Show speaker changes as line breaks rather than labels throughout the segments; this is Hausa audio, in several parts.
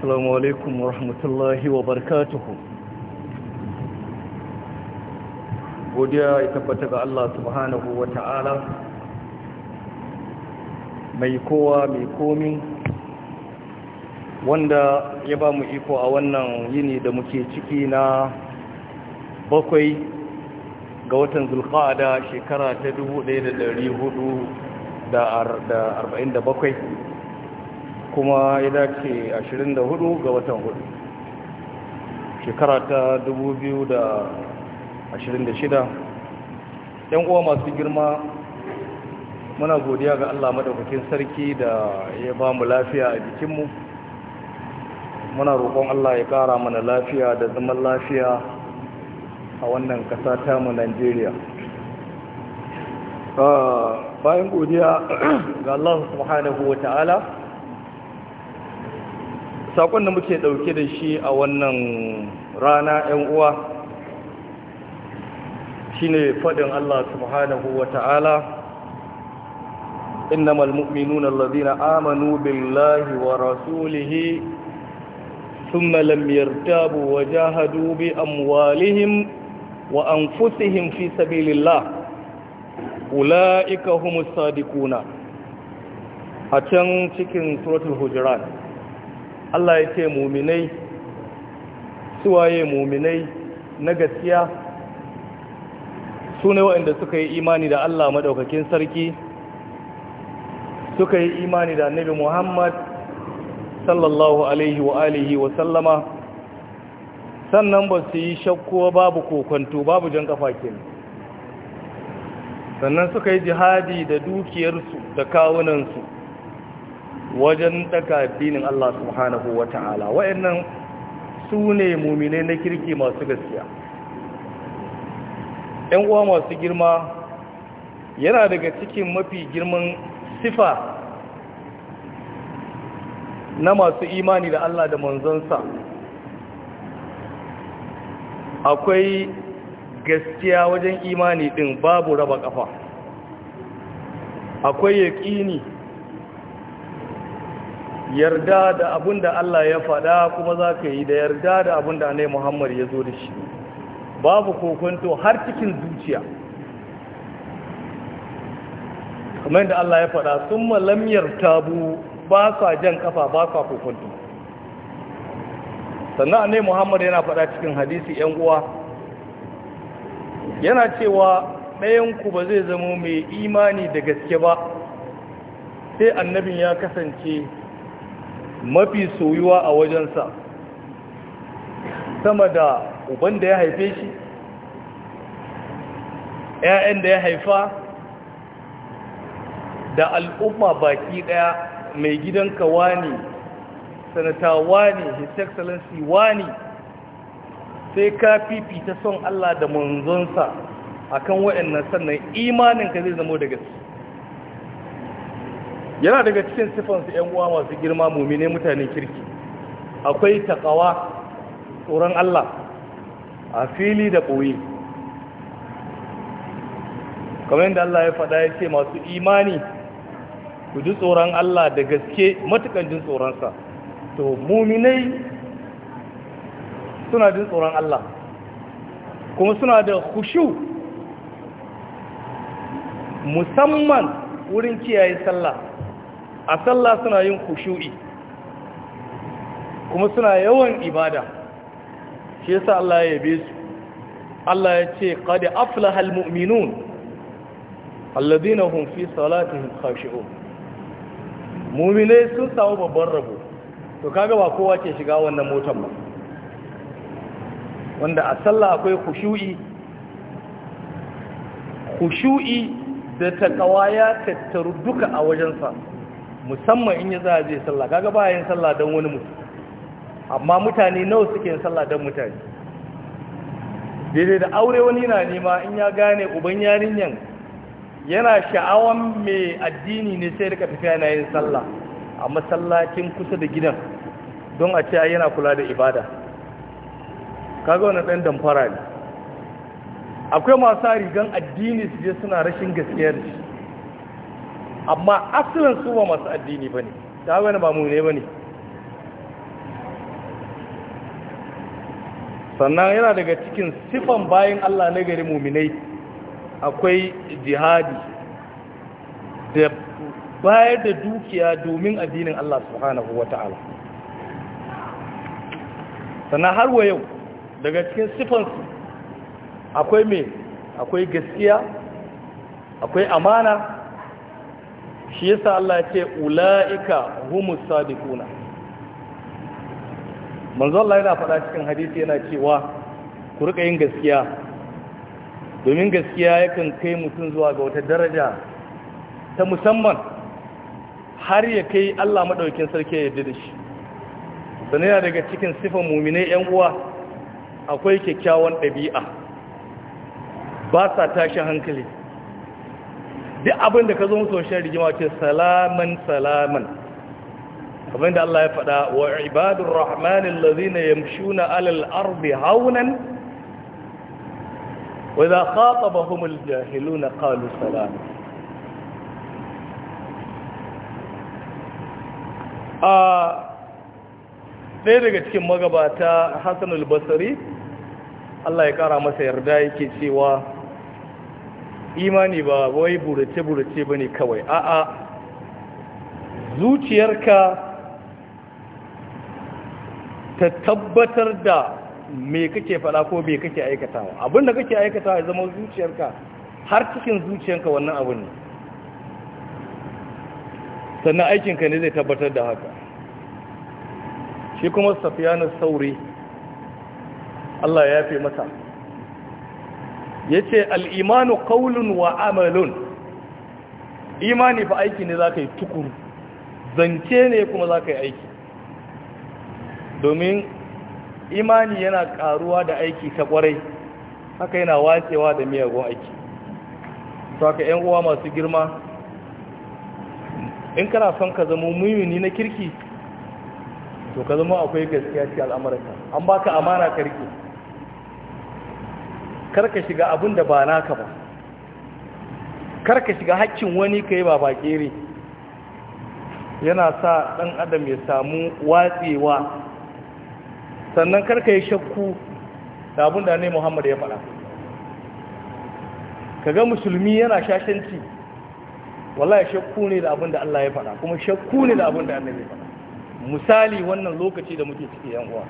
السلام عليكم ورحمة الله وبركاته godiya ya tabbata ga Allah subhanahu wa ta'ala mai kowa mai komi wanda ya ba mu iko a wannan yini da muke ciki na bakwai ga watan da shekara ta 1447 kuma ya dace 24 ga watan hudu shekara ta 2026 yan uwa masu girma muna godiya ga allah madaukakin sarki da ya ba mu lafiya a jikinmu muna roƙon allah ya ƙara mana lafiya da zaman lafiya a wannan ƙasa mu najeriya ah, bayan godiya ga allah subhanahu wa ta'ala saƙon da muke ɗauke da shi a wannan rana 'yan uwa shi ne faɗin Allah subhanahu wa ta'ala inna malmuminu na lalzina amanu billahi wa rasulihi sun malamiyar dabu wa jihadu bi amwalihim wa an fi sabilillah ula'ika humus sadikuna a can cikin suratul hujjara Allah ya ce muminai suwaye muminai na gaskiya su ne waɗanda suka yi imani da Allah maɗaukakin sarki suka yi imani da annabi Muhammad sallallahu alaihi wa alihi wa sallama sannan ba su yi shakkuwa babu kokwanto babu jan kafa kenan sannan suka yi jihadi da dukiyarsu da kawunansu wajen taka binin Allah subhanahu wa ta'ala wa'yannan su ne mumine na kirki masu gaskiya ‘yan uwa masu girma yana daga cikin mafi girman sifa na masu imani da Allah da manzonsa. akwai gaskiya wajen imani ɗin babu raba ƙafa akwai yaƙini yarda da abin da Allah ya faɗa kuma za ka yi da yarda da abin da anai Muhammad ya zo da shi babu kokonto har cikin zuciya kamar da Allah ya faɗa sun malamiyar tabu ba sa jan kafa ba sa kokonto sannan anai Muhammad yana faɗa cikin hadisi ‘yan uwa yana cewa ɗayanku ba zai zama mai imani da gaske ba sai annabin ya kasance mafi soyuwa a wajensa sama da uban da ya haife shi ‘ya'yan da ya haifa da al'umma baki ɗaya mai gidanka wani sanata wani his excellency wani sai ka fifita son Allah da manzonsa akan waɗannan sannan imanin ka zai zama daga su yana daga cikin sifansu ‘yan uwa masu girma mummine mutanen kirki akwai takawa tsoron Allah a fili da ɓoye kamar yadda Allah ya faɗa ya ce masu imani ku ji tsoron Allah da gaske matukan jin tsoronsa to muminai suna jin tsoron Allah kuma suna da hushu musamman wurin kiyaye sallah a sallah suna yin kushu'i kuma suna yawan ibada shi yasa Allah ya yabe su Allah ya ce qad aflaha almu'minun alladhina hum fi salatihim khashi'un mu'minai sun samu babban rabo to kaga ba kowa ke shiga wannan motar ba wanda a sallah akwai kushu'i? Kushui da ta ya tattaru duka a wajensa musamman in ya za a zai sallah kaga ba yin sallah don wani mutum amma mutane nawa suke yin sallah don mutane daidai da aure wani na nema in ya gane uban yarinyan yana sha'awan mai addini ne sai rika tafiya na yin sallah a masallacin kusa da gidan don a cewa yana kula da ibada kaga wani ɗan damfara ne akwai masu rigan addini su je suna rashin gaskiyar shi amma asalin su ba masu addini ba ne ta wani ba mu ne ba ne sannan yana daga cikin sifan bayan Allah na gari muminai akwai jihadi da bayar da dukiya domin addinin Allah subhanahu wa ta'ala sannan har wa yau daga cikin sifansu akwai mai akwai gaskiya akwai amana shi yasa Allah ya ce ula'ika humus sadiquna manzo Allah yana faɗa cikin hadisi yana cewa ku rika yin gaskiya domin gaskiya yakan kai mutum zuwa ga wata daraja ta musamman har ya kai Allah madaukakin sarki ya yarda da shi sanaya daga cikin sifan mu'minai yan uwa akwai kyakkyawan ɗabi'a ba sa tashi hankali duk abin da ka zo musu shi rigima ce salaman salaman kamar da Allah ya faɗa wa ibadur rahmanil ladhina yamshuna alal ardi haunan wa idha jahilu na qalu salam a ɗaya daga cikin magabata hassan albasari Allah ya ƙara masa yarda yake cewa imani ba wai burace-burace ba ne kawai a'a zuciyarka ta tabbatar da me kake fada ko me kake aikatawa abin da kake aikatawa ya zama zuciyarka har cikin zuciyarka wannan abin ne sannan aikinka ne zai tabbatar da haka shi kuma safiya sauri Allah ya fi masa Ya ce al’imanu kaulun wa amalun imani fa aiki ne za ka yi tukuru zance ne kuma za ka yi aiki domin imani yana karuwa da aiki ta kwarai haka yana wacewa da miyagun aiki to haka 'yan uwa masu girma in kana son ka zama muyuni na kirki to ka zama akwai gaskiya cikin al'amuranka an baka amana ka karka shiga abin da ba naka ba karka shiga haƙƙin wani ka yi ba ne yana sa ɗan adam ya samu watsewa sannan karka yi shakku da abin da ne muhammadu ya faɗa ga musulmi yana shashanci wallahi shakku ne da abin da Allah ya faɗa kuma shakku ne da abin da Allah ya faɗa misali wannan lokaci da muke ciki yan uwa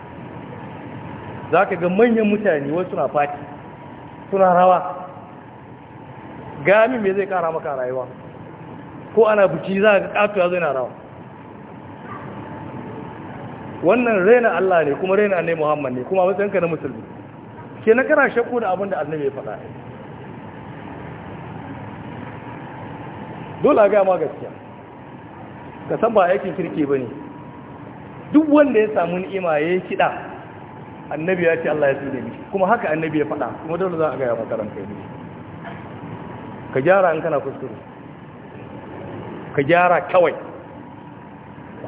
zaka ga manyan mutane wasu na fati suna rawa gami me zai kara maka rayuwa ko ana buci za a katuwa zai na rawa wannan raina Allah ne kuma raina annai Muhammad ne kuma matsayinka na musulmi ke na kara shakku da abin da annabi ya faɗa dole a gaya ma gaskiya ka san ba aikin kirki ba ne duk wanda ya samu ni'ima ya yi kiɗa annabi ya ce Allah ya tsine miki kuma haka annabi ya faɗa kuma dole za a gaya maka ranka yi ka gyara in kana kuskure ka gyara kawai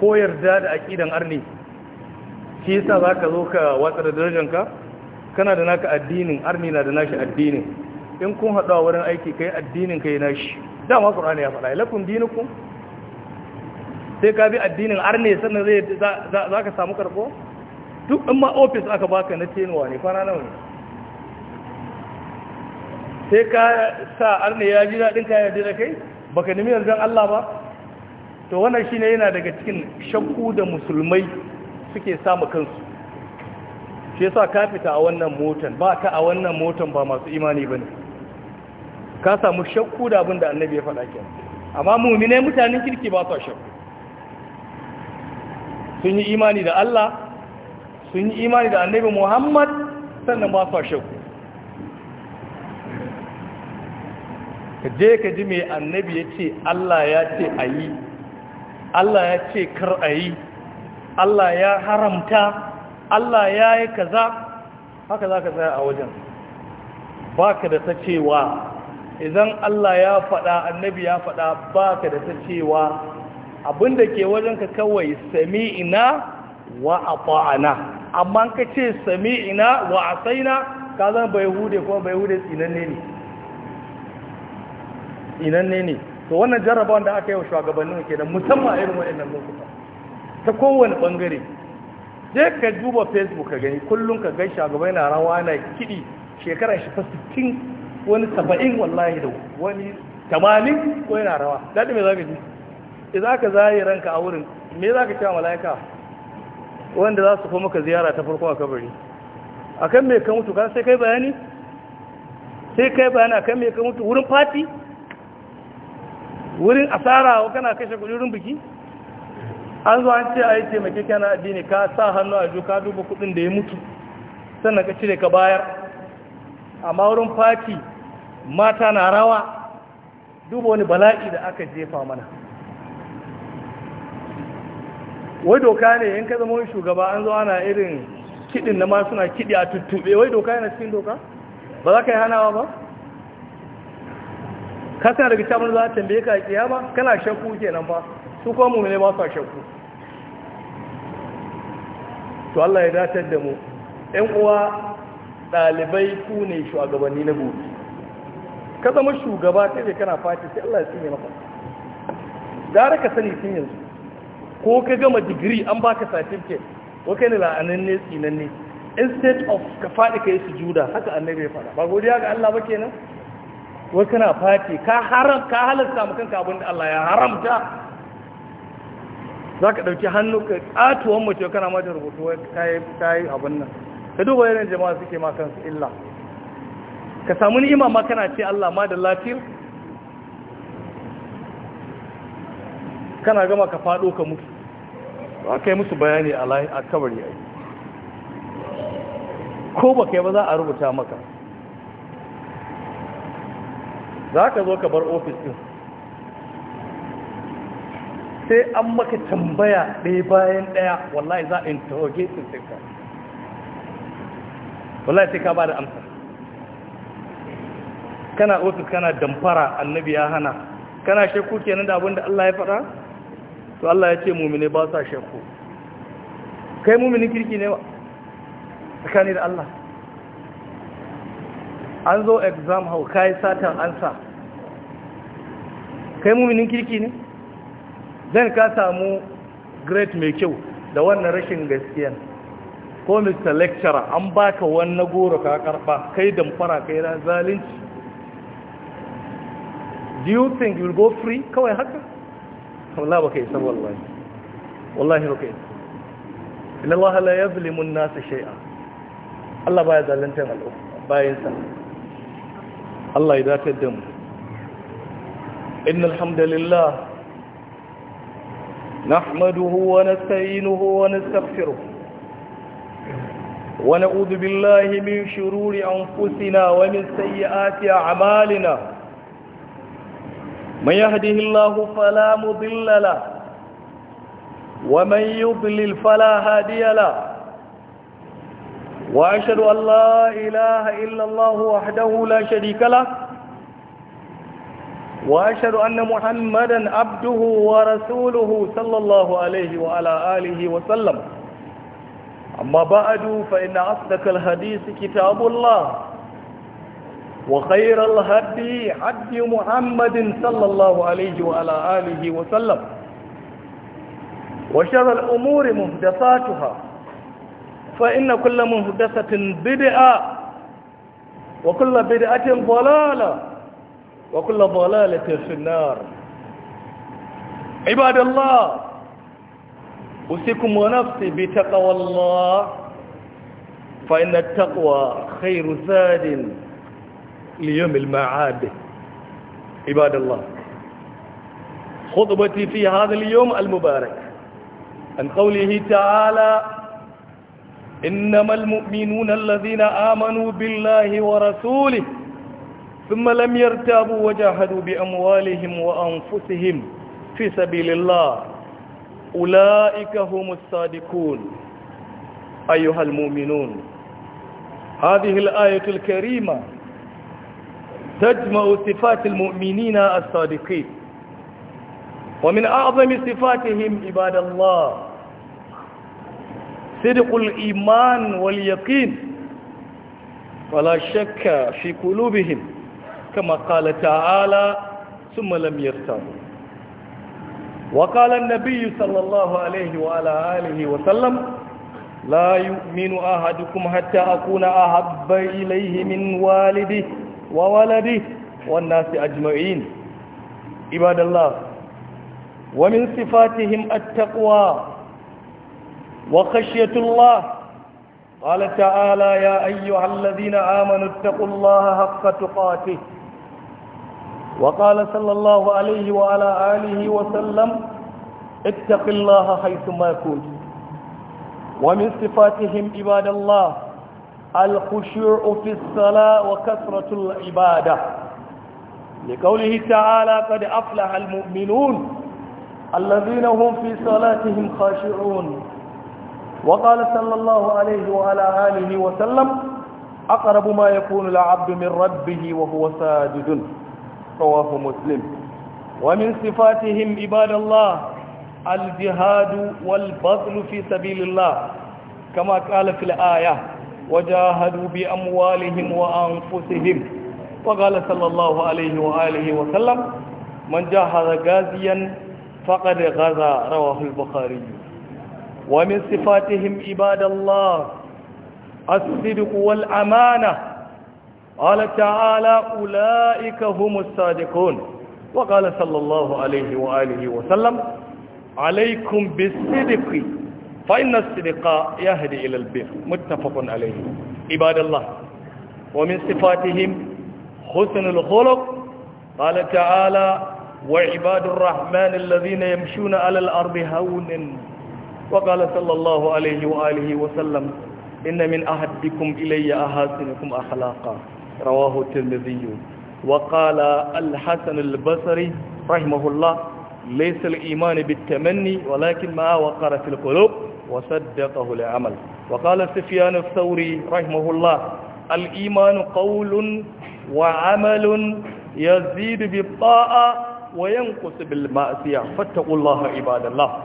ko yarda da aqidan arni shi yasa zaka zo ka watsa da darajanka kana da naka addinin arni na da nashi addinin in kun haɗu a wurin aiki kai addinin kai nashi dama Qur'ani ya faɗa lakum dinukum sai ka bi addinin arni sannan zai za ka samu karbo duk in ma ofis aka baka na tenuwa ne kwana nawa ne sai ka sa arne ya ji daɗin ka yarda da kai baka nemi yardan Allah ba to wannan shine yana daga cikin shakku da musulmai suke samu kansu shi yasa ka fita a wannan motan ba ka a wannan motan ba masu imani bane ka samu shakku da abin da annabi ya faɗa kenan amma muminai mutanen kirki ba su shakku sun yi imani da Allah sun yi imani da annabi muhammad sannan ba washe ku. ka je ka ji mai annabi ya ce allah ya ce a yi allah ya ce kar a yi allah ya haramta allah ya yi kaza haka za ka tsaya a wajen ba ka da ta cewa idan allah ya faɗa annabi ya faɗa ba ka da ta cewa abinda ke wajen ka kawai sami ina wa a amma ka ce sami ina wa a sai na ka zan bai hude kuma bai hude inanne ne tsinanne ne to wannan jarraba wanda aka yi wa shugabannin ke da musamman irin waɗannan lokuta ta kowane ɓangare je ka duba facebook ka gani kullum ka gai shugabai na rawa na kiɗi shekara shi fa 60 wani saba'in wallahi da wani tamanin ko yana rawa daɗi mai za ka ji idan ka zaye ranka a wurin me za ka cewa mala'ika wanda za su fi maka ziyara ta farko a kabari akan me ka mutu ka sai kai bayani sai kai bayani akan me ka mutu wurin fati wurin asara kana kashe kudi wurin biki an zo an ce a yi taimake kana addini ka sa hannu a ka duba kudin da ya mutu sannan ka cire ka bayar amma wurin fati mata na rawa duba wani bala'i da aka jefa mana wai doka ne in ka zama shugaba an zo ana irin kiɗin na ma suna kiɗi a tuttuɓe wai doka yana cikin doka ba za ka yi hanawa ba ka da daga cabin za a tambaye ka a ba kana shakku nan ba su kuma mu ne ba a shakku to Allah ya datar da mu ɗan uwa ɗalibai ku ne shugabanni na gobe ka zama shugaba sai kana fati sai Allah ya tsinye maka gara ka sani tun yanzu ko ka gama digiri an baka certificate wa kai ne la'ananne ne. instead of ka faɗi ka yi juda haka annabi ya faɗa ba godiya ga Allah ba kenan wai kana fati ka haram ka halarta mu kanka abin da Allah ya haramta za ka ɗauki hannu ka ƙatuwan mace kana mata rubutu wai ta yi abin nan ka duba yanayin jama'a suke ma kansu illa ka samu ni'ima ma kana ce Allah ma da latir kana gama ka faɗo ka mutu Ba kai musu bayani a kabari a yi ko ba kai ba za a rubuta maka za ka zo ka bar ofis ɗin sai an maka tambaya ɗaya bayan ɗaya wallahi za a su sai ka wallahi sai ka ba da amsa kana ofis kana damfara annabi ya hana kana shekuke nan da abin da Allah ya faɗa to Allah ya ce mumini ba sa shakku kai muminin kirki ne tsakani da Allah an zo exam hau kai satan ansa kai muminin kirki ne zan ka samu great mai kyau da wannan rashin gaskiya ko mr lecturer an baka wannan goro ka karba kai damfara kai na zalunci do you think you will go free kawai haka wallahi baka isa wallahi wallahi baka isa inna allaha la yazlimu an-nasa shay'a Allah baya zalunta al'umma bayin sa Allah ya dace da mu نحمده ونستعينه ونستغفره ونعوذ بالله من شرور أنفسنا ومن سيئات أعمالنا من يهده الله فلا مضل له ومن يضلل فلا هادي له وأشهد أن لا إله إلا الله وحده لا شريك له وأشهد أن محمدا عبده ورسوله صلى الله عليه وعلى آله وسلم أما بعد فإن أصدق الحديث كتاب الله وخير الهدي هدي محمد صلى الله عليه وعلى آله وسلم وشر الأمور مهدساتها فإن كل مهدسة بدعة وكل بدعة ضلالة وكل ضلالة في النار عباد الله أوصيكم ونفسي بتقوى الله فإن التقوى خير زاد ليوم المعاد عباد الله خطبتي في هذا اليوم المبارك عن قوله تعالى إنما المؤمنون الذين آمنوا بالله ورسوله ثم لم يرتابوا وجاهدوا بأموالهم وأنفسهم في سبيل الله أولئك هم الصادقون أيها المؤمنون هذه الآية الكريمة تجمع صفات المؤمنين الصادقين ومن أعظم صفاتهم عباد الله صدق الإيمان واليقين ولا شك في قلوبهم كما قال تعالى ثم لم يرتابوا وقال النبي صلى الله عليه وعلى آله وسلم لا يؤمن أحدكم حتى أكون أحب إليه من والده وولده والناس أجمعين عباد الله ومن صفاتهم التقوى وخشية الله قال تعالى يا أيها الذين آمنوا اتقوا الله حق تقاته وقال صلى الله عليه وعلى آله وسلم اتق الله حيثما كنت ومن صفاتهم عباد الله الخشوع في الصلاة وكثرة العبادة لقوله تعالى قد أفلح المؤمنون الذين هم في صلاتهم خاشعون وقال صلى الله عليه وعلى آله وسلم أقرب ما يكون العبد من ربه وهو ساجد رواه مسلم ومن صفاتهم عباد الله الجهاد والبذل في سبيل الله كما قال في الآية وجاهدوا بأموالهم وأنفسهم وقال صلى الله عليه وآله وسلم من جاهد غازيا فقد غزا رواه البخاري ومن صفاتهم عباد الله الصدق والأمانة قال تعالى أولئك هم الصادقون وقال صلى الله عليه وآله وسلم عليكم بالصدق فإن الصدق يهدي إلى البر متفق عليه عباد الله ومن صفاتهم حسن الخلق قال تعالى وعباد الرحمن الذين يمشون على الأرض هونا وقال صلى الله عليه وآله وسلم إن من أحدكم إلي أحاسنكم أخلاقا رواه الترمذي وقال الحسن البصري رحمه الله ليس الإيمان بالتمني ولكن ما وقر في القلوب وصدقه العمل وقال سفيان الثوري رحمه الله الإيمان قول وعمل يزيد بالطاعة وينقص بالمأسية فاتقوا الله عباد الله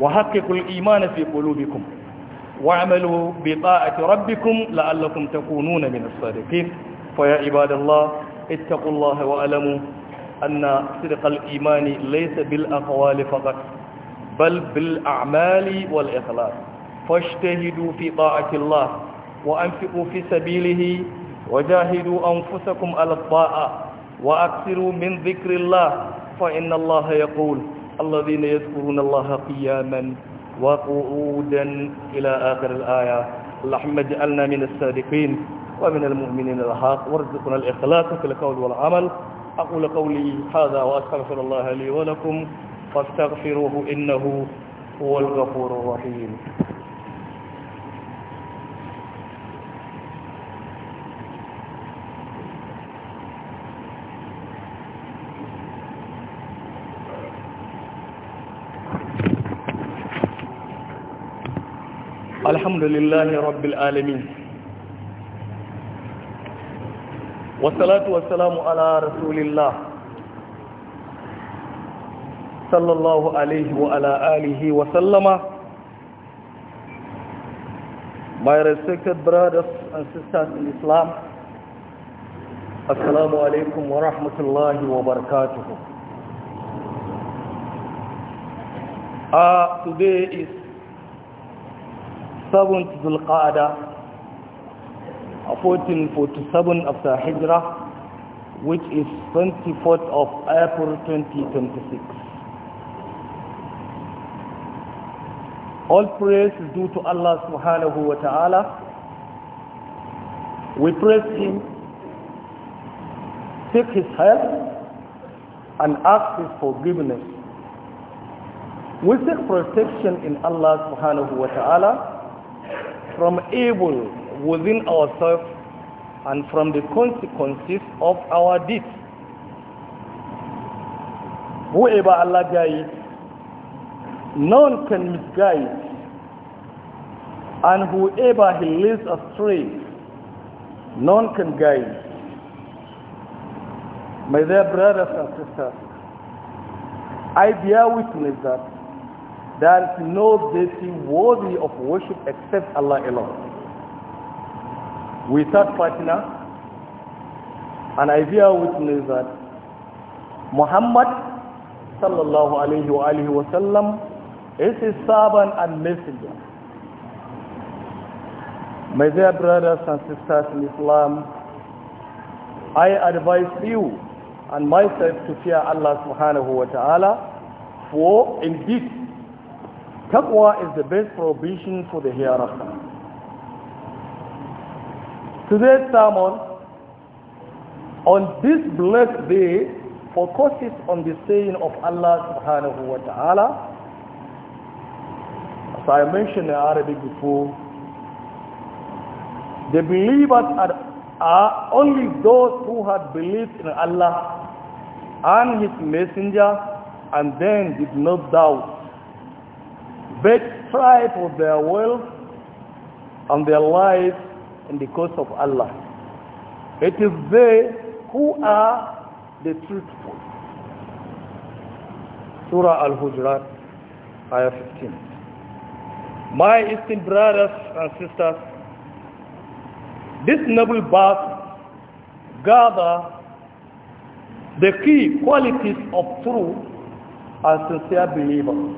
وحققوا الإيمان في قلوبكم واعملوا بطاعة ربكم لعلكم تكونون من الصادقين فيا عباد الله اتقوا الله وألموا أن صدق الإيمان ليس بالأقوال فقط بل بالأعمال والإخلاص فاجتهدوا في طاعة الله وأنفقوا في سبيله وجاهدوا أنفسكم على الطاعة وأكثروا من ذكر الله فإن الله يقول الذين يذكرون الله قياما وقعودا إلى آخر الآية اللهم اجعلنا من الصادقين ومن المؤمنين الحق وارزقنا الإخلاص في القول والعمل أقول قولي هذا وأستغفر الله لي ولكم فاستغفروه إنه هو الغفور الرحيم الحمد لله رب العالمين Wasalatu wasalamu ala rasulillah Sallallahu alaihi wa عليه وعلى آله وسلم My respected brothers and sisters in Islam Assalamu alaikum wa rahmatullahi wa barakatuh uh, ah, Today is 7th Dhul Qa'dah 1447 after Hijrah, which is 24th of April 2026. All praise is due to Allah subhanahu wa ta'ala. We praise Him, seek His help, and ask His forgiveness. We seek protection in Allah subhanahu wa ta'ala from evil within ourselves and from the consequences of our deeds. Whoever Allah guides, none can misguide, and whoever he leads astray, none can guide. My dear brothers and sisters, I bear witness that there is no deity worthy of worship except Allah alone that partner. And I bear witness that Muhammad sallallahu alayhi wa alihi wa sallam is his servant and messenger. My dear brothers and sisters in Islam, I advise you and myself to fear Allah subhanahu wa ta'ala for indeed taqwa is the best provision for the hereafter. Today's sermon on this blessed day focuses on the saying of Allah subhanahu wa ta'ala. As I mentioned in Arabic before, the believers are, are only those who had believed in Allah and His Messenger and then did not doubt, but strive for their wealth and their lives in the cause of Allah. It is they who are the truthful. Surah Al-Hujurat, Ayah 15. My esteemed brothers and sisters, this noble verse gather the key qualities of true and sincere believers.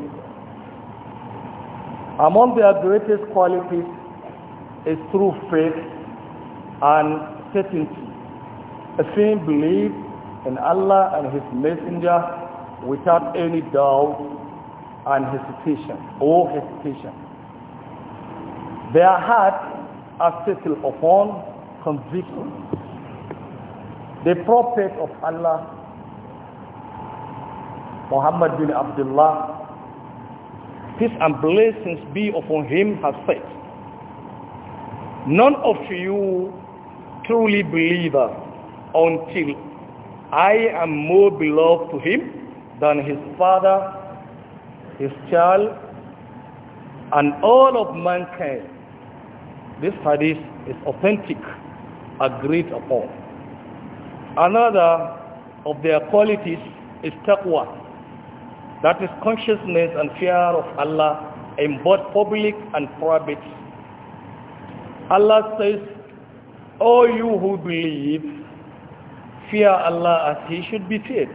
Among their greatest qualities is through faith and certainty, a firm belief in Allah and His Messenger without any doubt and hesitation or hesitation. Their hearts are settled upon conviction. The prophet of Allah, Muhammad bin Abdullah, peace and blessings be upon him, has said, none of you truly believer until I am more beloved to him than his father, his child, and all of mankind. This hadith is authentic, agreed upon. Another of their qualities is taqwa, that is consciousness and fear of Allah in both public and private Allah says, "All you who believe, fear Allah as he should be feared.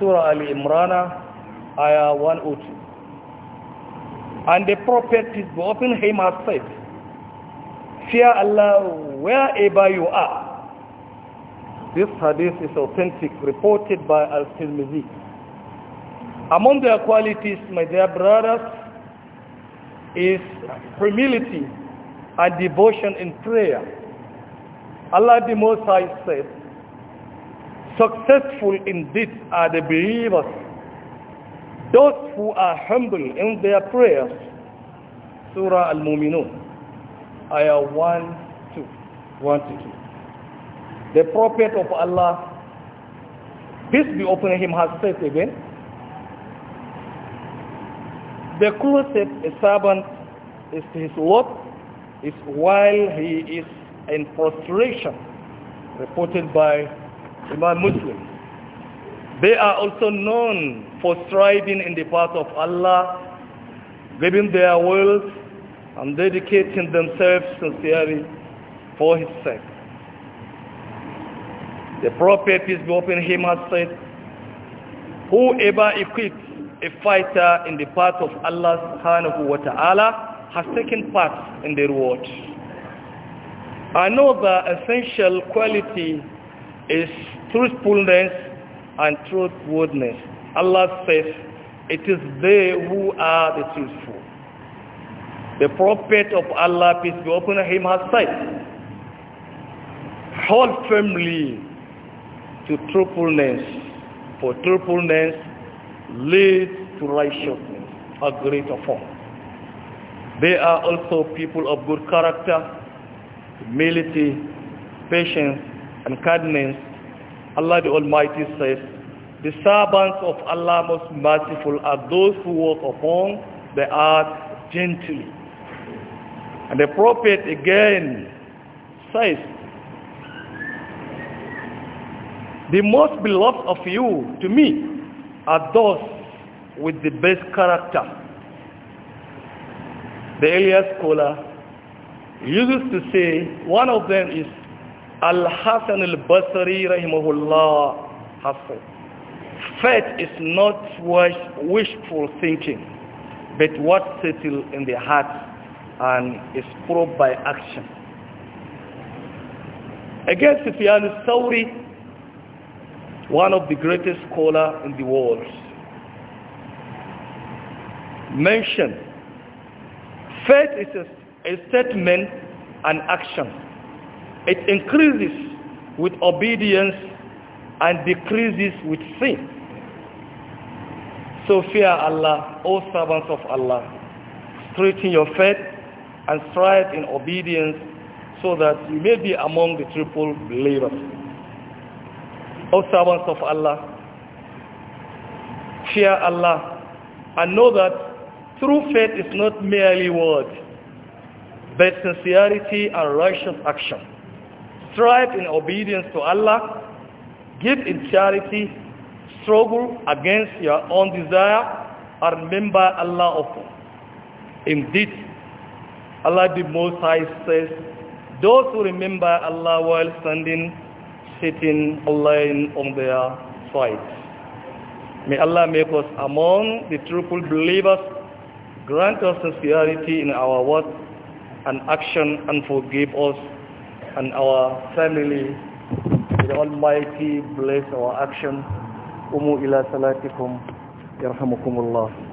Surah Al-Imran, Ayah 102. And the prophet is often him has said, fear Allah wherever you are. This hadith is authentic, reported by Al-Tirmidhi. Among their qualities, my dear brothers, is humility and devotion in prayer. Allah the Most High said, successful indeed are the believers, those who are humble in their prayers. Surah Al-Muminun, Ayah 1, 2, 1 to 2. The prophet of Allah, peace be upon him, has said again, the closest a servant is his Lord is while he is in prostration reported by Imam Muslim. They are also known for striving in the path of Allah, giving their wills and dedicating themselves sincerely for his sake. The Prophet, peace be upon him, has said, whoever equips a fighter in the path of Allah subhanahu wa ta'ala has taken part in the reward. Another essential quality is truthfulness and truthworthiness. Allah says, it is they who are the truthful. The prophet of Allah, peace be upon him, has said, hold firmly to truthfulness, for truthfulness leads to righteousness, a great form. They are also people of good character, humility, patience, and kindness. Allah the Almighty says, the servants of Allah most merciful are those who walk upon the earth gently. And the prophet again says, the most beloved of you to me are those with the best character the earlier scholar, uses to say one of them is Al-Hasan al-Basri rahimahullah Hassan. faith is not wishful thinking, but what settles in the heart and is proved by action. Again, Sufyan al one of the greatest scholars in the world, mentioned Faith is a, a statement and action. It increases with obedience and decreases with sin. So fear Allah, O servants of Allah, strengthen your faith and strive in obedience so that you may be among the triple believers. O servants of Allah, fear Allah and know that True faith is not merely word, but sincerity and righteous action. Strive in obedience to Allah, give in charity, struggle against your own desire, and remember Allah often. Indeed, Allah the Most High says, those who remember Allah while standing, sitting, lying on their sides. May Allah make us among the truthful believers Grant us sincerity in our words and action and forgive us and our family. May the Almighty bless our action. Umu ila salatikum. Yarhamukumullah.